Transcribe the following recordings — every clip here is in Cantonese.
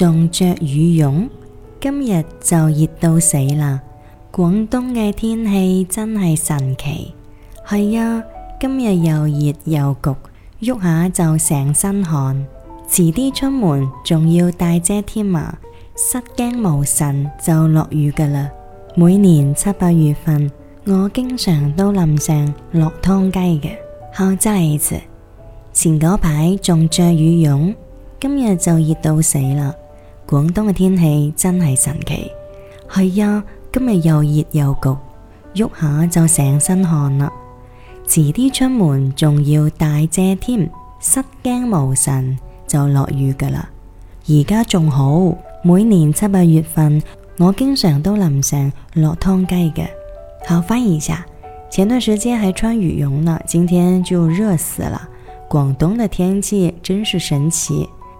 仲着羽絨，今日就熱到死啦！廣東嘅天氣真係神奇，係啊，今日又熱又焗，喐下就成身汗，遲啲出門仲要帶遮添啊！失驚無神就落雨噶啦，每年七八月份，我經常都淋成落湯雞嘅。好，真係啊！前嗰排仲着羽絨，今日就熱到死啦！廣東嘅天氣真係神奇，係呀，今日又熱又焗，喐下就成身汗啦。遲啲出門仲要帶遮添，失驚無神就落雨噶啦。而家仲好，每年七八月份，我經常都淋成落湯雞嘅。好，翻譯一下，前段時間還穿羽絨呢，今天就熱死了。廣東嘅天氣真是神奇。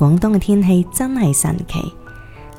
廣東嘅天氣真係神奇，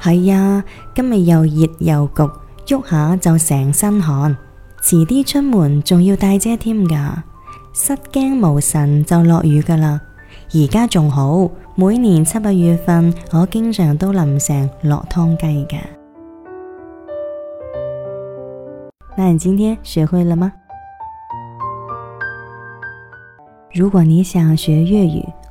係呀，今日又熱又焗，喐下就成身汗，遲啲出門仲要帶遮添噶，失驚無神就落雨噶啦，而家仲好，每年七八月份，我經常都淋成落湯雞噶。那你今天學會了嗎？如果你想學粵語。